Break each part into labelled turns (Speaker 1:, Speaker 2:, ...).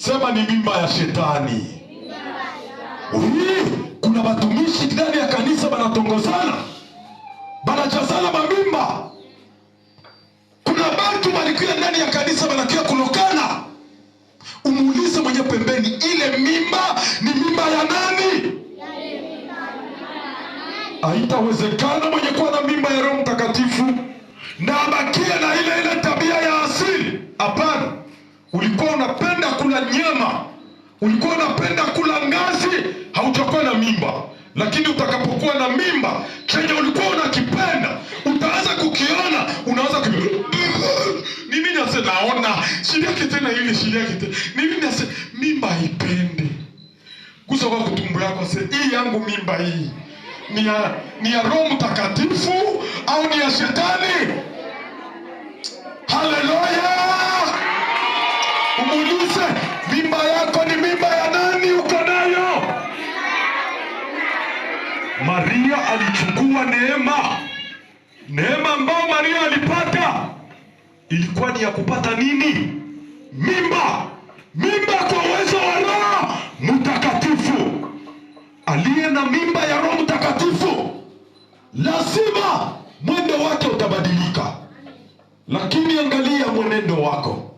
Speaker 1: Sema ni mimba ya shetani hii. Kuna watumishi ndani ya kanisa banatongozana, wanachazana mamimba. Kuna watu walikuwa ndani ya kanisa banakia kulokana. Umuulize mwenye pembeni, ile mimba ni mimba ya nani? Haitawezekana mwenye kuwa na mimba ya Roho Mtakatifu na abakie na ile ile tabia ya asili. Hapana. Ulikuwa unapenda kula nyama, ulikuwa unapenda kula ngazi, haujakuwa na mimba. Lakini utakapokuwa na mimba, chenye ulikuwa unakipenda utaanza kukiona, unaanza ku mimi nase naona shida yake tena ile shida yake tena mimi nase mimba ipende kusa kwa kutumbu yako, ase hii yangu mimba hii ni ya, ni ya Roho Mtakatifu au ni ya Shetani? Haleluya! Umuulize, mimba yako ni mimba ya nani? Uko nayo? Maria alichukua neema. Neema ambayo Maria alipata ilikuwa ni ya kupata nini? Mimba, mimba kwa uwezo wa Roho Mtakatifu. Aliye na mimba ya Roho Mtakatifu lazima mwendo wake utabadilika, lakini angalia mwenendo wako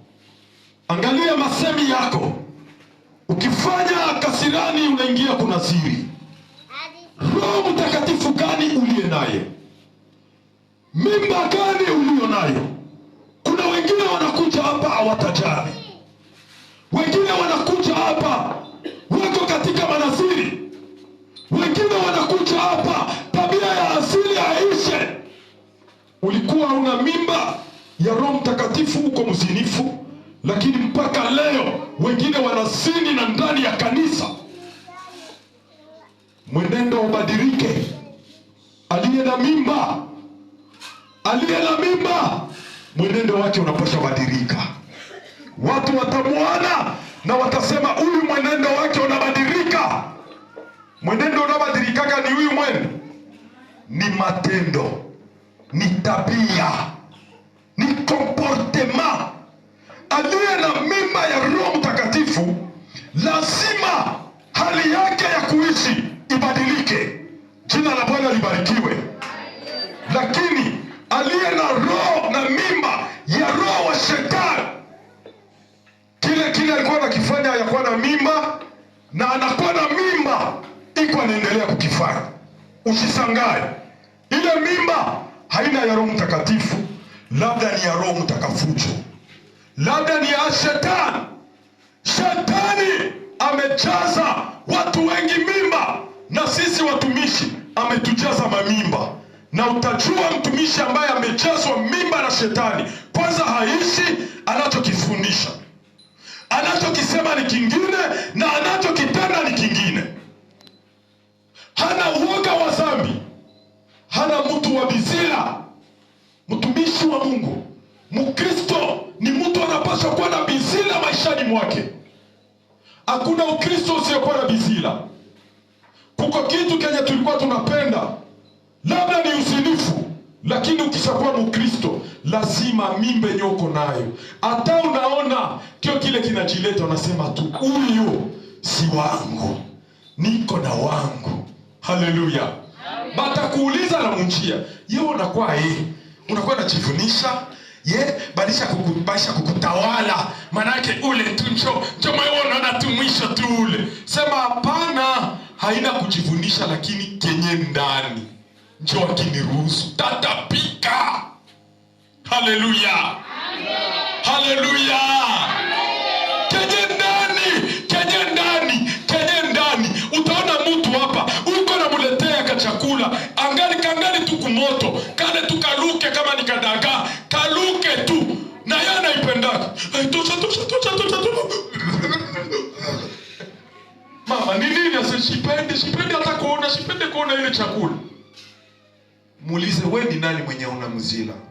Speaker 1: Angalia masemi yako, ukifanya kasirani unaingia kuna siri. Roho Mtakatifu gani uliye naye? Mimba gani uliyo nayo? Kuna wengine wanakuja hapa hawatajali, wengine wanakuja hapa wako katika manasiri, wengine wanakuja hapa tabia ya asili haishe. Ulikuwa una mimba ya Roho Mtakatifu, uko mzinifu lakini mpaka leo wengine wanasini na ndani ya kanisa. Mwenendo ubadilike. Aliye na mimba, aliye na mimba, mwenendo wake unapasha badilika. Watu watamuona na watasema huyu mwenendo wake unabadilika. Mwenendo unabadilikaga ni huyu mwene, ni matendo, ni tabia, ni komportema aliye na mimba ya Roho Mtakatifu lazima hali yake ya kuishi ibadilike. Jina la Bwana libarikiwe. Lakini aliye na roho na mimba ya roho wa shetani, kile kile alikuwa anakifanya, yakuwa na mimba na anakuwa na mimba iko anaendelea kukifanya. Usishangae, ile mimba haina ya Roho Mtakatifu, labda ni ya roho mtakafucho labda ni ya shetani. Shetani amejaza watu wengi mimba, na sisi watumishi ametujaza mamimba. Na utajua mtumishi ambaye amejazwa mimba na shetani, kwanza haishi anachokifundisha, anachokisema ni kingine, na anachokitenda ni kingine. Hana uoga wa dhambi, hana mtu wa bizira, mtumishi wa Mungu Mukri mwake. Hakuna Ukristo usiokuwa na bizila. Kuko kitu kenye tulikuwa tunapenda labda ni usinifu, lakini ukishakuwa Mkristo lazima mimbe nyoko nayo, hata unaona kio kile kinajileta, unasema tu huyo si wangu, niko na wangu. Haleluya! batakuuliza na munjia, yeye unakuwa eh, unakuwa najivunisha ye balisha kukubasha kukutawala, manake ule tu njo njo unaona tu mwisho tu ule. Sema hapana, haina kujivunisha, lakini kenye ndani njo akiniruhusu tatapika. Haleluya, haleluya, kenye ndani, kenye ndani, kenye ndani. Utaona mtu hapa uko namuletea chakula angali kangali tukumoto kale tukaluke kama nikadagaa aluke tu na yeye anaipendaka. Tosha, tosha, tosha, tosha, tosha. Mama ni nini sipendi sipendi hata kuona, sipendi kuona ile chakula. Muulize we ni nani mwenye una mzila